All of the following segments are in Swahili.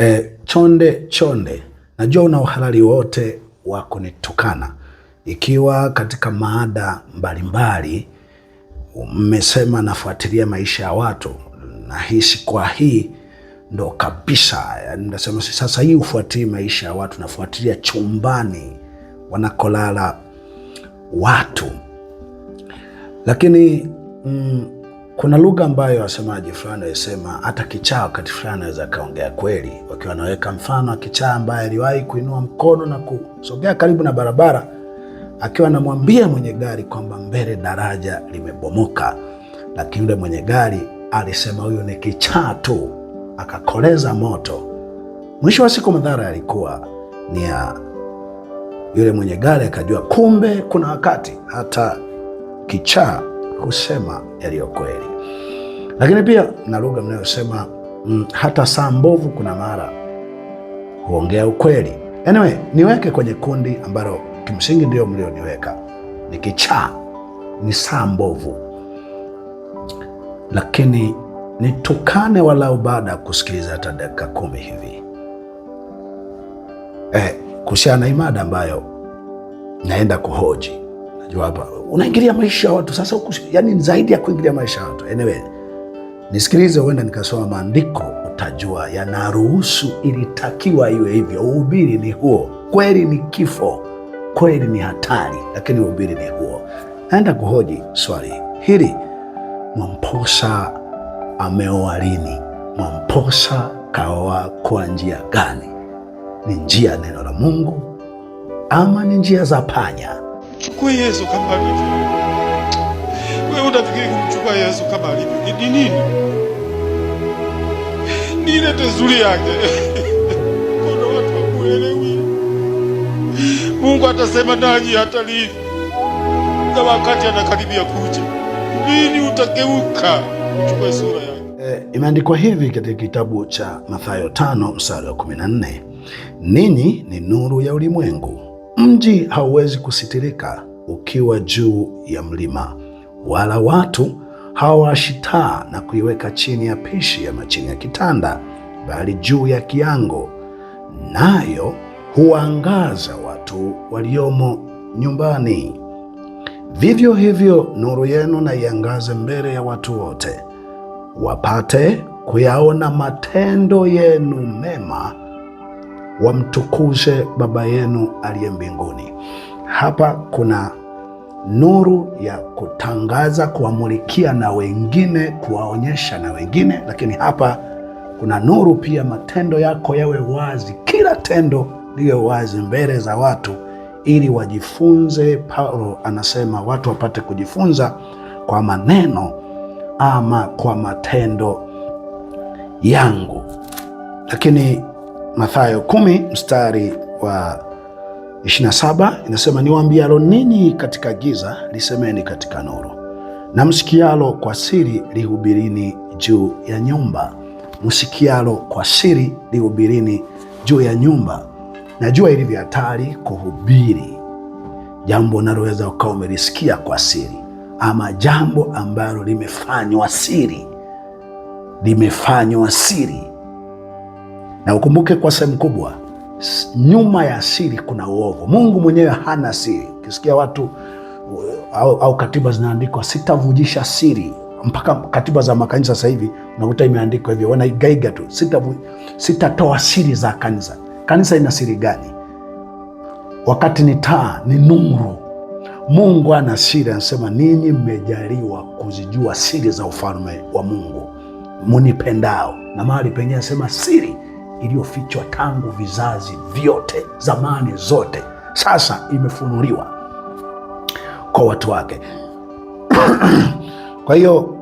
E, chonde chonde, najua una uhalali wote wa kunitukana ikiwa katika maada mbalimbali mmesema nafuatilia maisha ya watu, nahisi kwa hii ndo kabisa nasema sasa, hii ufuatilii maisha ya watu, nafuatilia chumbani wanakolala watu, lakini mm, kuna lugha ambayo wasemaji fulani walisema hata kichaa wakati fulani anaweza akaongea kweli, wakiwa anaweka mfano wa kichaa ambaye aliwahi kuinua mkono na kusogea karibu na barabara, akiwa anamwambia mwenye gari kwamba mbele daraja limebomoka, lakini yule mwenye gari alisema huyo ni kichaa tu, akakoleza moto. Mwisho wa siku madhara yalikuwa ni ya yule mwenye gari, akajua kumbe kuna wakati hata kichaa husema yaliyo kweli, lakini pia na lugha mnayosema mm, hata saa mbovu kuna mara huongea ukweli. Anyway, niweke kwenye kundi ambalo kimsingi ndio mlioniweka, ni kichaa, ni saa mbovu, lakini nitukane walau baada ya kusikiliza hata dakika kumi hivi eh, kuhusiana na imada ambayo naenda kuhoji juu hapa unaingilia maisha ya watu sasa huku, yani zaidi ya kuingilia maisha ya watu. Anyway, nisikilize, huenda nikasoma maandiko utajua yanaruhusu, ilitakiwa iwe hivyo. Uhubiri ni huo, kweli ni kifo, kweli ni hatari, lakini uhubiri ni huo. Naenda kuhoji swali hili, Mwamposa ameoa lini? Mwamposa kaoa kwa njia gani? Ni njia neno la Mungu ama ni njia za panya? Chukue Yesu kama alivyo. Wewe unafikiri kumchukua Yesu kama alivyo ni nini? Ni ile tezuri yake kono, watu wakuelewi. Mungu atasema nanyi hata lini, na wakati anakaribia kuja, lini utageuka uchukue sura yake? Eh, imeandikwa hivi katika kitabu cha Mathayo tano mstari wa 14, ninyi ni nuru ya ulimwengu Mji hauwezi kusitirika ukiwa juu ya mlima, wala watu hawawashi taa na kuiweka chini ya pishi ama chini ya kitanda, bali juu ya kiango, nayo huangaza watu waliomo nyumbani. Vivyo hivyo nuru yenu na iangaze mbele ya watu wote, wapate kuyaona matendo yenu mema wamtukuze Baba yenu aliye mbinguni. Hapa kuna nuru ya kutangaza, kuwamulikia na wengine, kuwaonyesha na wengine, lakini hapa kuna nuru pia, matendo yako yawe wazi, kila tendo liwe wazi mbele za watu, ili wajifunze. Paulo anasema watu wapate kujifunza kwa maneno ama kwa matendo yangu. Lakini Mathayo kumi mstari wa 27 inasema, niwaambialo ninyi katika giza lisemeni katika nuru, na msikialo kwa siri lihubirini juu ya nyumba. Msikialo kwa siri lihubirini juu ya nyumba. Najua ilivyo hatari kuhubiri jambo unaloweza ukawa umelisikia kwa siri, ama jambo ambalo limefanywa siri, limefanywa siri na ukumbuke kwa sehemu kubwa, nyuma ya siri kuna uovu. Mungu mwenyewe hana siri. Ukisikia watu uh, au, au katiba zinaandikwa sitavujisha siri, mpaka katiba za makanisa sasa hivi unakuta imeandikwa hivyo, wanaigaiga tu, sitatoa sita siri za kanisa. Kanisa ina siri gani? Wakati ni taa, ni nuru. Mungu ana siri, anasema ninyi mmejaliwa kuzijua siri za ufalme wa Mungu munipendao, na mahali pengine anasema siri iliyofichwa tangu vizazi vyote, zamani zote, sasa imefunuliwa kwa watu wake. Kwa hiyo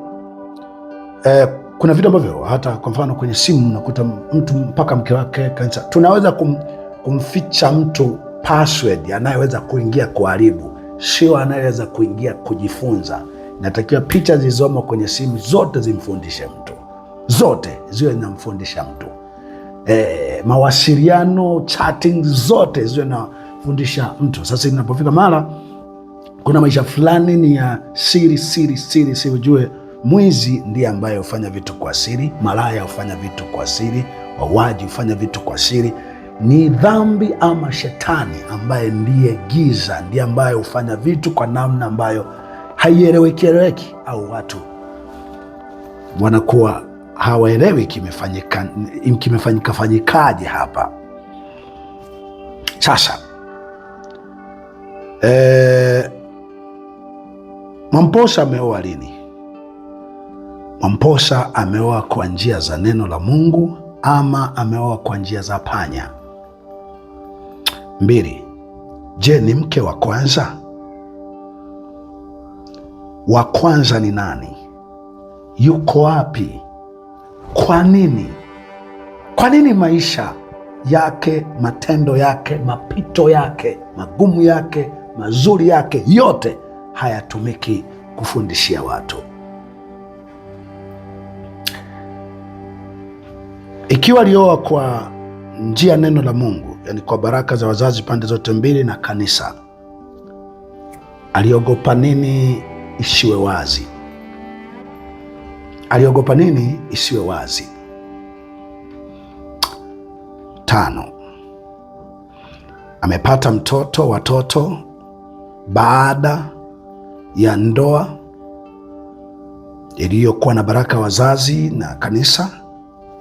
eh, kuna vitu ambavyo hata kwa mfano kwenye simu nakuta mtu mpaka mke wake kanisa, tunaweza kum, kumficha mtu password anayeweza kuingia kuharibu, sio anayeweza kuingia kujifunza. Natakiwa picha zilizomo kwenye simu zote zimfundishe mtu, zote ziwe zinamfundisha mtu eh, mawasiliano chatting zote ziwe nafundisha mtu. Sasa inapofika mara kuna maisha fulani ni ya siri siri siri, si ujue mwizi ndiye ambaye hufanya vitu kwa siri, malaya hufanya vitu kwa siri, wawaji hufanya vitu kwa siri. Ni dhambi ama shetani ambaye ndiye giza, ndiye ambaye hufanya vitu kwa namna ambayo haieleweki eleweki, au watu wanakuwa hawaelewi kimefanyika kimefanyikafanyikaje hapa sasa. E, Mwamposa ameoa lini? Mwamposa ameoa kwa njia za neno la Mungu ama ameoa kwa njia za panya? Mbili. Je, ni mke wa kwanza? Wa kwanza ni nani? Yuko wapi? Kwa nini? Kwa nini maisha yake, matendo yake, mapito yake, magumu yake, mazuri yake, yote hayatumiki kufundishia watu? Ikiwa alioa kwa njia neno la Mungu, yani kwa baraka za wazazi pande zote mbili na kanisa, aliogopa nini isiwe wazi? Aliogopa nini isiwe wazi. Tano, amepata mtoto watoto baada ya ndoa iliyokuwa na baraka wazazi na kanisa,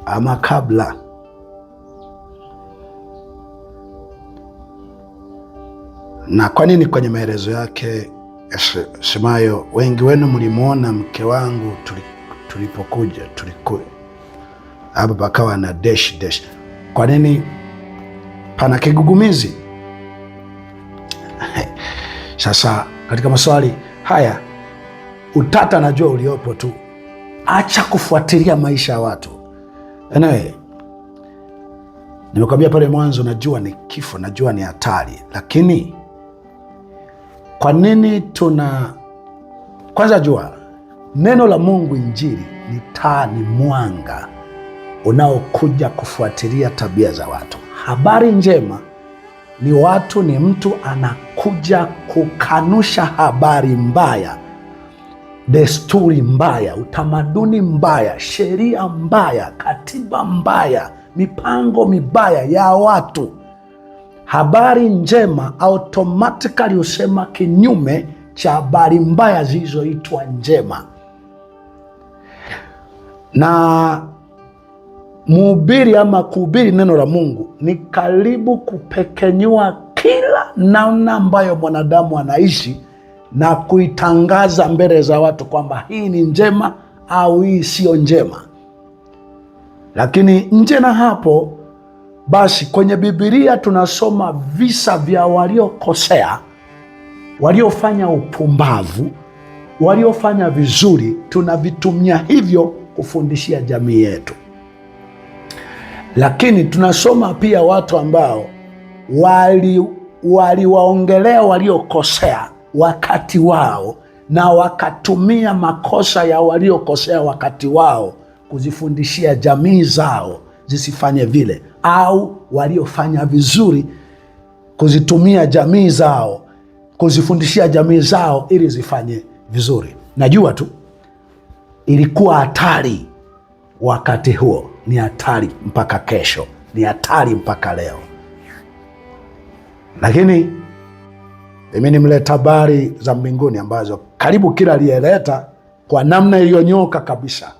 ama kabla. Na kwa nini kwenye maelezo yake yasemayo, wengi wenu mlimwona mke wangu tuli tulipokuja tuliku hapa pakawa na dash dash. Kwa nini pana kigugumizi? Sasa katika maswali haya utata najua uliopo tu, acha kufuatilia maisha ya watu Anyway, Nimekwambia pale mwanzo, najua ni kifo, najua ni hatari, lakini kwa nini tuna kwanza jua Neno la Mungu, Injili, ni taa, ni mwanga unaokuja kufuatilia tabia za watu. Habari njema ni watu, ni mtu anakuja kukanusha habari mbaya, desturi mbaya, utamaduni mbaya, sheria mbaya, katiba mbaya, mipango mibaya ya watu. Habari njema automatikali husema kinyume cha habari mbaya zilizoitwa njema na mhubiri ama kuhubiri neno la Mungu ni karibu kupekenyua kila namna ambayo mwanadamu anaishi na kuitangaza mbele za watu kwamba hii ni njema au hii siyo njema. Lakini nje na hapo, basi kwenye Bibilia tunasoma visa vya waliokosea, waliofanya upumbavu, waliofanya vizuri, tunavitumia hivyo kufundishia jamii yetu, lakini tunasoma pia watu ambao waliwaongelea wali waliokosea wakati wao na wakatumia makosa ya waliokosea wakati wao kuzifundishia jamii zao zisifanye vile, au waliofanya vizuri kuzitumia jamii zao kuzifundishia jamii zao ili zifanye vizuri. Najua tu ilikuwa hatari wakati huo, ni hatari mpaka kesho, ni hatari mpaka leo. Lakini mimi nimleta habari za mbinguni ambazo karibu kila aliyeleta kwa namna iliyonyoka kabisa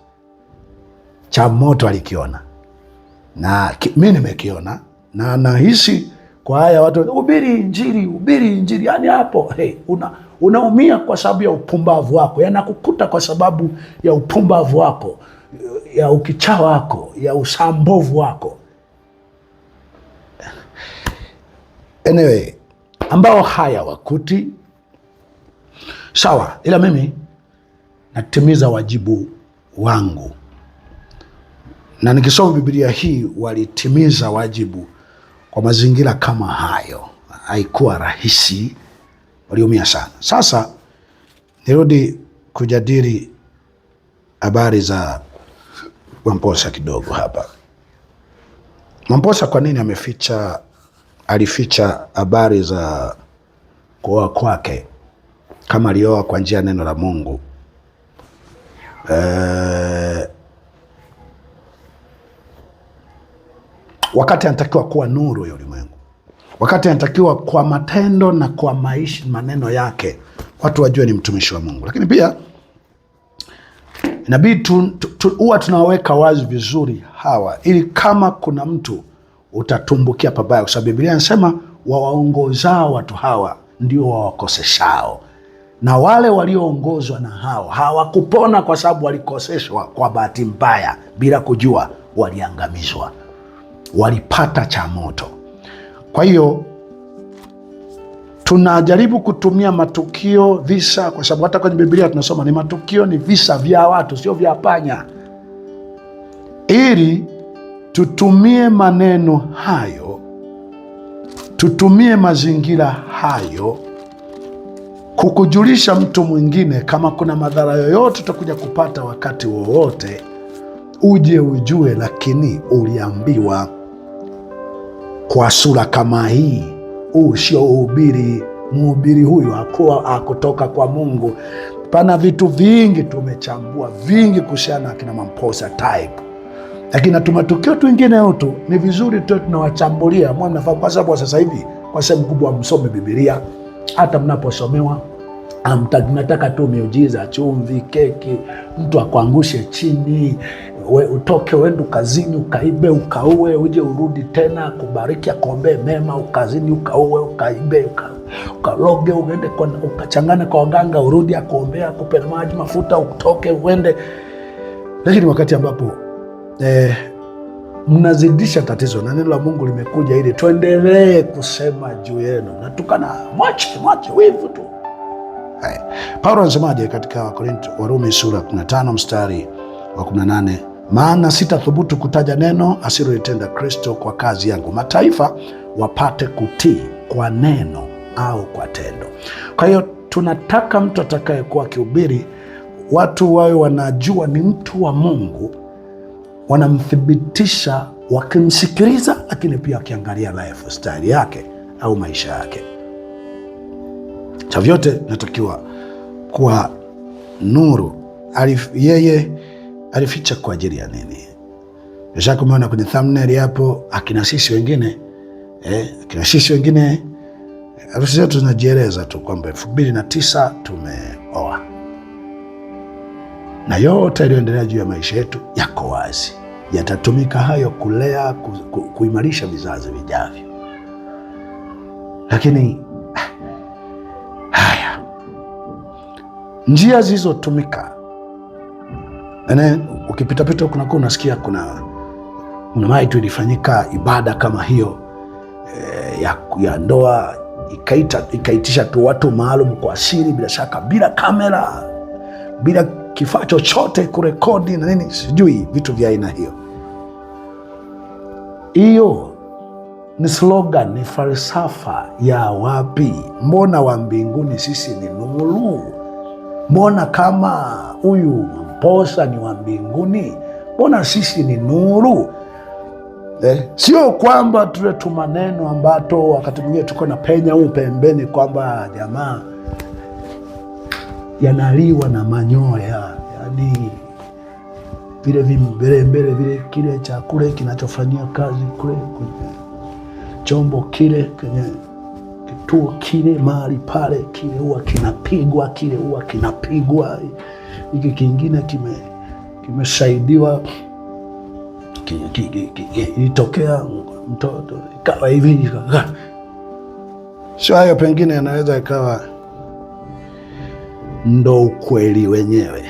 cha moto alikiona na mi nimekiona na nahisi kwa haya watu, ubiri Injili, ubiri Injili, yani hapo hey, una Unaumia kwa sababu ya upumbavu wako, yanakukuta kwa sababu ya upumbavu wako, ya ukichaa wako, ya usambovu wako anyway, ambao haya wakuti sawa, ila mimi natimiza wajibu wangu, na nikisoma Biblia hii walitimiza wajibu kwa mazingira kama hayo. Haikuwa rahisi waliumia sana. Sasa nirudi kujadili habari za Mwamposa kidogo hapa. Mwamposa kwa nini ameficha, alificha habari za kuoa kwake kama alioa kwa njia ya neno la Mungu? E, wakati anatakiwa kuwa nuru ya ulimwengu wakati anatakiwa kwa matendo na kwa maisha, maneno yake watu wajue ni mtumishi wa Mungu. Lakini pia inabidi tu, huwa tunaweka wazi vizuri hawa, ili kama kuna mtu utatumbukia pabaya, kwa sababu Biblia inasema wawaongozao watu hawa ndio wawakoseshao, na wale walioongozwa na hao hawakupona, kwa sababu walikoseshwa kwa bahati mbaya, bila kujua waliangamizwa, walipata cha moto. Kwa hiyo tunajaribu kutumia matukio, visa, kwa sababu hata kwenye Biblia tunasoma ni matukio, ni visa vya watu, sio vya panya, ili tutumie maneno hayo, tutumie mazingira hayo kukujulisha mtu mwingine kama kuna madhara yoyote utakuja kupata wakati wowote, uje ujue, lakini uliambiwa kwa sura kama hii, huu sio uhubiri. Mhubiri huyu hakuwa akutoka kwa Mungu. Pana vitu vingi tumechambua vingi kuhusiana na kina Mamposa type, lakini na tumatukio twingine utu ni vizuri tu tunawachambulia mnafaa, kwa sababu sasa hivi kwa sehemu kubwa msome Bibilia, hata mnaposomewa mnataka tu miujiza, chumvi, keki, mtu akuangushe chini, we, utoke uende kazini ukaibe ukaue, uje urudi tena kubariki akuombee mema, ukazini ukaue ukaibe uka, ukaloge uende ukachangane kwa waganga, urudi akuombea akupe maji mafuta, utoke uende. Lakini wakati ambapo eh, mnazidisha tatizo na neno la Mungu limekuja ili tuendelee kusema juu yenu, natukana mwache mwache wivu tu. Paulo anasemaje katika Warumi sura 15 mstari wa 18? maana sitathubutu kutaja neno asiloitenda Kristo kwa kazi yangu, mataifa wapate kutii kwa neno au kwa tendo. Kwa hiyo tunataka mtu atakayekuwa akihubiri watu wawe wanajua ni mtu wa Mungu, wanamthibitisha wakimsikiliza, lakini pia wakiangalia lifestyle yake au maisha yake. Cha vyote natakiwa kuwa nuru Alif, yeye alificha kwa ajili ya nini? Shaka umeona kwenye thumbnail hapo, akina sisi wengine eh, akina sisi wengine harusi zetu zinajieleza tu kwamba elfu mbili na tisa tumeoa na yote yaliyoendelea juu ya maisha yetu yako wazi, yatatumika hayo kulea ku, ku, kuimarisha vizazi vijavyo. Lakini haya njia zilizotumika Yaani ukipitapita kuna unasikia kuna unawahi tu ilifanyika ibada kama hiyo e, ya, ya ndoa ikaita, ikaitisha tu watu maalum kwa siri, bila shaka, bila kamera, bila kifaa chochote kurekodi na nini, sijui vitu vya aina hiyo. Hiyo ni slogan, ni falsafa ya wapi? Mbona wa mbinguni sisi ni nuru? Mbona kama huyu ndiposa ni wa mbinguni. Mbona sisi ni nuru eh? Sio kwamba tule tu maneno ambato wakati mwingine tuko na penya huu pembeni kwamba jamaa yanaliwa na manyoya, yani vile vimbelembele vile, kile chakule kinachofanyia kazi kule kwenye chombo kile kwenye kituo kile mahali pale, kile huwa kinapigwa, kile huwa kinapigwa hiki kingine kimesaidiwa kime ilitokea mtoto ikawa hivi, sio hayo, pengine yanaweza ikawa ndo ukweli wenyewe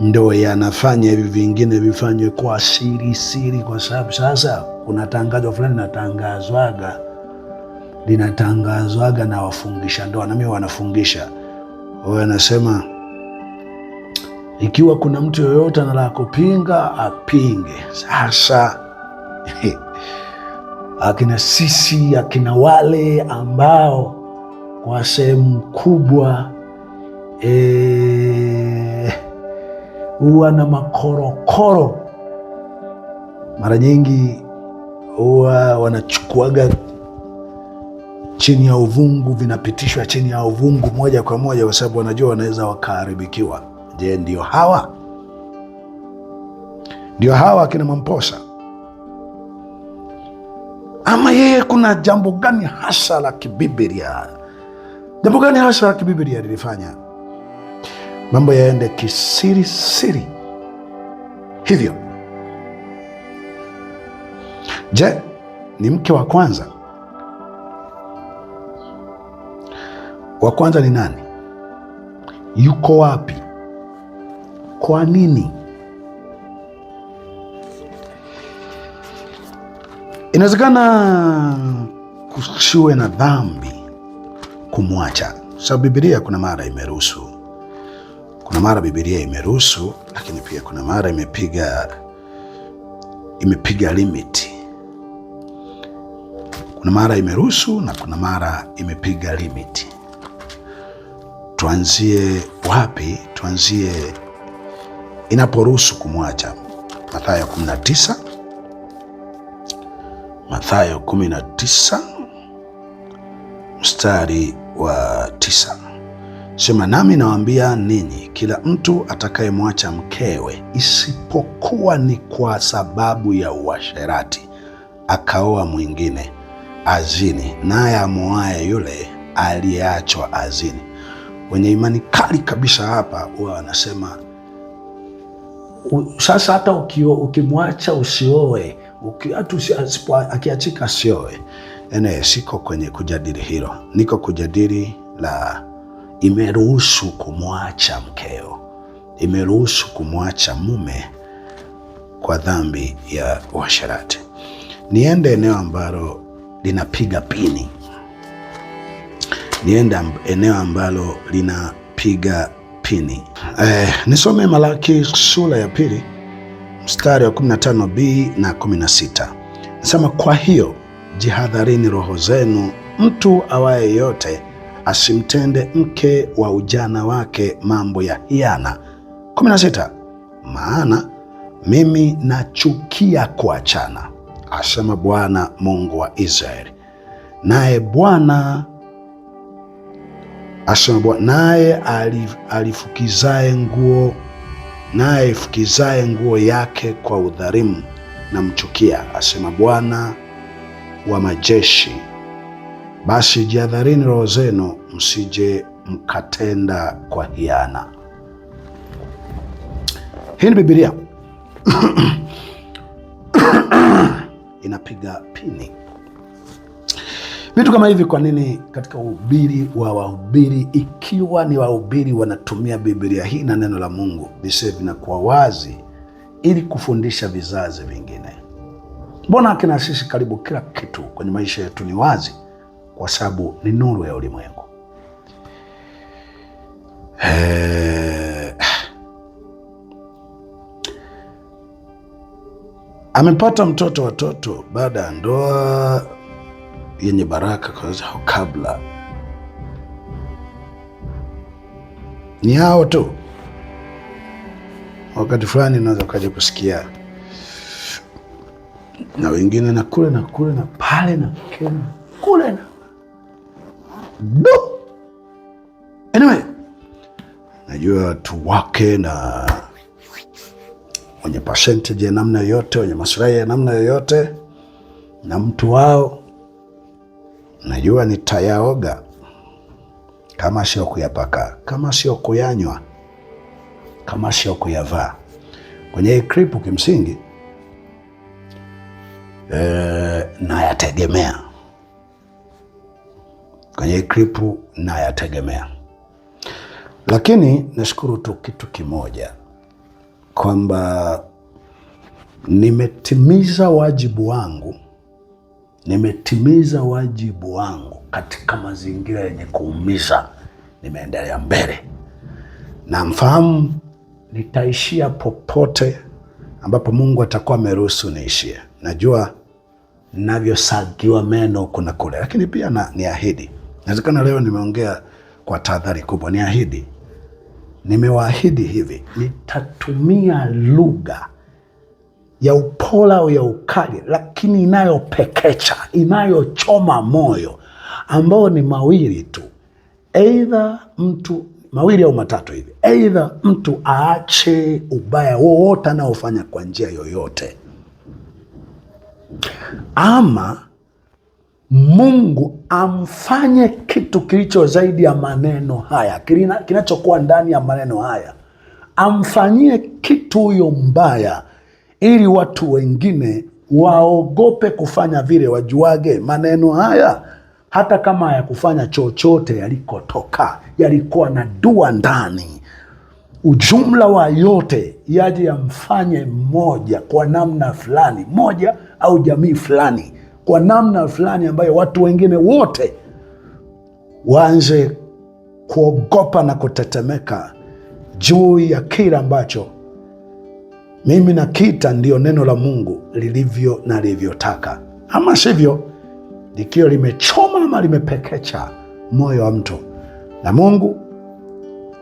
ndo yanafanya hivi vingine vifanywe kwa siri siri, kwa sababu sasa kuna tangazo fulani linatangazwaga linatangazwaga na wafungisha ndoa, nami wanafungisha wao, wanasema ikiwa kuna mtu yoyote anataka kupinga apinge. Sasa akina sisi, akina wale ambao kwa sehemu kubwa e, huwa e, na makorokoro mara nyingi huwa wanachukuaga chini ya uvungu, vinapitishwa chini ya uvungu moja kwa moja, kwa sababu wanajua wanaweza wakaharibikiwa. Je, ndio hawa? Ndio hawa akina Mamposa Ama yeye kuna jambo gani hasa la kibiblia Jambo gani hasa la kibiblia lilifanya mambo yaende kisiri siri hivyo? Je, ni mke wa kwanza? Wa kwanza ni nani? Yuko wapi? Kwa nini? Inawezekana kusiwe na dhambi kumwacha, sababu Bibilia kuna mara imeruhusu, kuna mara Bibilia imeruhusu, lakini pia kuna mara imepiga imepiga limiti. Kuna mara imeruhusu na kuna mara imepiga limiti. Tuanzie wapi? Tuanzie inaporuhusu kumwacha. Mathayo 19, Mathayo 19 mstari wa tisa, sema nami nawaambia ninyi, kila mtu atakayemwacha mkewe, isipokuwa ni kwa sababu ya uasherati, akaoa mwingine, azini, naye amwoaye yule aliyeachwa azini. Wenye imani kali kabisa hapa huwa wanasema sasa hata ukimwacha usioe, akiachika asioe. Ene, siko kwenye kujadili hilo, niko kujadili la imeruhusu kumwacha mkeo, imeruhusu kumwacha mume kwa dhambi ya uasherati. Niende eneo ambalo linapiga pini, niende eneo ambalo linapiga makini eh, nisome Malaki sura ya pili mstari wa 15b na 16. Nasema, kwa hiyo jihadharini roho zenu, mtu awaye yote asimtende mke wa ujana wake mambo ya hiana. 16, maana mimi nachukia kuachana, asema Bwana Mungu wa Israeli, naye Bwana asema Bwana, naye alifukizaye nguo naye ifukizaye nguo yake kwa udhalimu namchukia, asema Bwana wa majeshi. Basi jihadharini roho zenu, msije mkatenda kwa hiana. Hii ni Biblia inapiga pini. Vitu kama hivi, kwa nini katika uhubiri wa wahubiri, ikiwa ni wahubiri wanatumia Biblia hii na neno la Mungu visiwe vinakuwa wazi ili kufundisha vizazi vingine? Mbona akina sisi karibu kila kitu kwenye maisha yetu ni wazi, kwa sababu ni nuru ya ulimwengu. Eh, ah. Amepata mtoto watoto baada ya ndoa yenye baraka kwa zao kabla. Ni hao tu. Wakati fulani unaweza ukaja kusikia na wengine na kule na kule na pale na kule na do. Anyway, najua watu wake na wenye percentage ya namna yoyote, wenye maslahi ya namna yoyote na mtu wao najua nitayaoga, kama sio kuyapaka, kama sio kuyanywa, kama sio kuyavaa. Kwenye hii kripu kimsingi e, nayategemea kwenye hii kripu nayategemea, lakini nashukuru tu kitu kimoja kwamba nimetimiza wajibu wangu nimetimiza wajibu wangu katika mazingira yenye kuumiza, nimeendelea mbele na mfahamu, nitaishia popote ambapo Mungu atakuwa ameruhusu niishie. Najua navyosagiwa meno kuna kule, lakini pia na, niahidi nawezekana leo nimeongea kwa tahadhari kubwa. Niahidi, nimewaahidi hivi, nitatumia lugha ya upole au ya ukali, lakini inayopekecha, inayochoma moyo, ambayo ni mawili tu, aidha mtu mawili au matatu hivi, aidha mtu aache ubaya wowote anaofanya kwa njia yoyote, ama Mungu amfanye kitu kilicho zaidi ya maneno haya, kinachokuwa ndani ya maneno haya, amfanyie kitu huyo mbaya ili watu wengine waogope kufanya vile, wajuage maneno haya hata kama hayakufanya chochote, yalikotoka yalikuwa na dua ndani. Ujumla wa yote yaje yamfanye mmoja kwa namna fulani, moja au jamii fulani kwa namna fulani, ambayo watu wengine wote waanze kuogopa na kutetemeka juu ya kile ambacho mimi nakita ndiyo neno la Mungu lilivyo na livyotaka, ama sivyo likiwa limechoma ama limepekecha moyo wa mtu. Na Mungu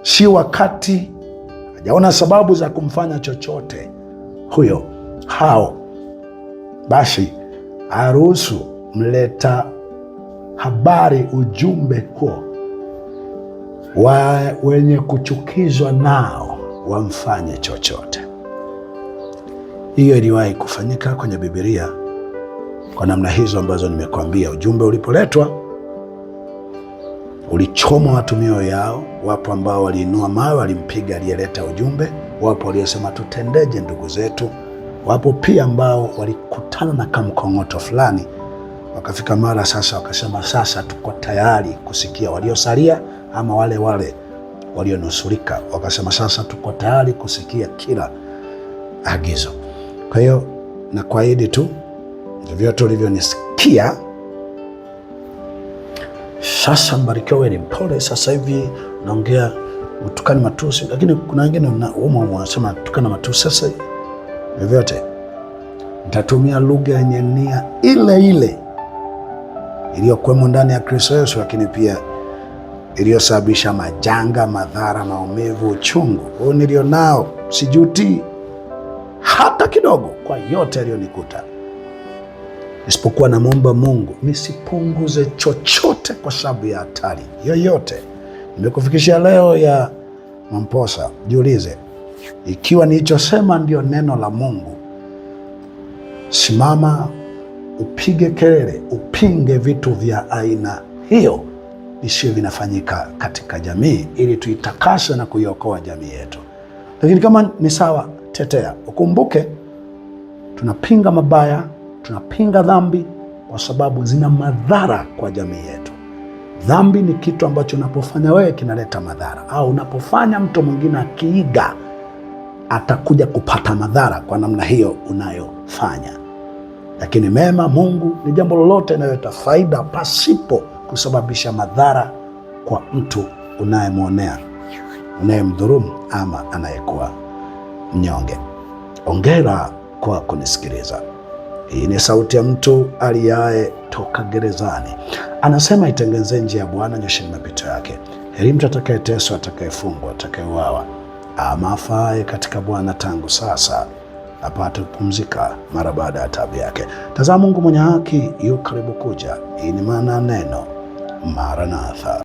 si wakati hajaona sababu za kumfanya chochote huyo hao, basi aruhusu mleta habari, ujumbe huo wa wenye kuchukizwa nao wamfanye chochote. Hiyo iliwahi kufanyika kwenye Biblia kwa namna hizo ambazo nimekwambia. Ujumbe ulipoletwa ulichoma watu mioyo yao. Wapo ambao waliinua mawe, walimpiga aliyeleta ujumbe. Wapo waliosema tutendeje ndugu zetu? Wapo pia ambao walikutana na kamkong'oto fulani, wakafika mara sasa, wakasema sasa tuko tayari kusikia. Waliosalia ama wale wale walionusurika wakasema sasa tuko tayari kusikia kila agizo. Kwa hiyo nakuahidi tu vyovyote ulivyonisikia sasa, Mbarikiwa wewe ni mpole. Sasa hivi unaongea utukani matusi, lakini kuna wengine wanasema tukana matusi. Sasa vyovyote nitatumia lugha yenye nia ile ile iliyokuwemo ndani ya Kristo Yesu, lakini pia iliyosababisha majanga, madhara, maumivu, uchungu huu nilio nao, sijuti hata kidogo kwa yote yaliyonikuta, isipokuwa namwomba Mungu nisipunguze chochote kwa sababu ya hatari yoyote nimekufikishia leo ya Mamposa. Jiulize, ikiwa nilichosema ndio neno la Mungu, simama upige kelele, upinge vitu vya aina hiyo visio vinafanyika katika jamii, ili tuitakase na kuiokoa jamii yetu. Lakini kama ni sawa tetea. Ukumbuke tunapinga mabaya, tunapinga dhambi kwa sababu zina madhara kwa jamii yetu. Dhambi ni kitu ambacho unapofanya wewe kinaleta madhara, au unapofanya mtu mwingine akiiga atakuja kupata madhara kwa namna hiyo unayofanya. Lakini mema Mungu ni jambo lolote inayoleta faida pasipo kusababisha madhara kwa mtu unayemwonea, unayemdhurumu ama anayekuwa mnyonge. Ongera kwa kunisikiliza. Hii ni sauti ya mtu aliaye toka gerezani, anasema itengenezee njia ya Bwana, nyosheni mapito yake. Heri mtu atakayeteswa, atakayefungwa, atakayeuawa, ama afaye katika Bwana, tangu sasa apate kupumzika mara baada ya taabu yake. Tazama, Mungu mwenye haki yu karibu kuja. Hii ni maana ya neno Maranatha.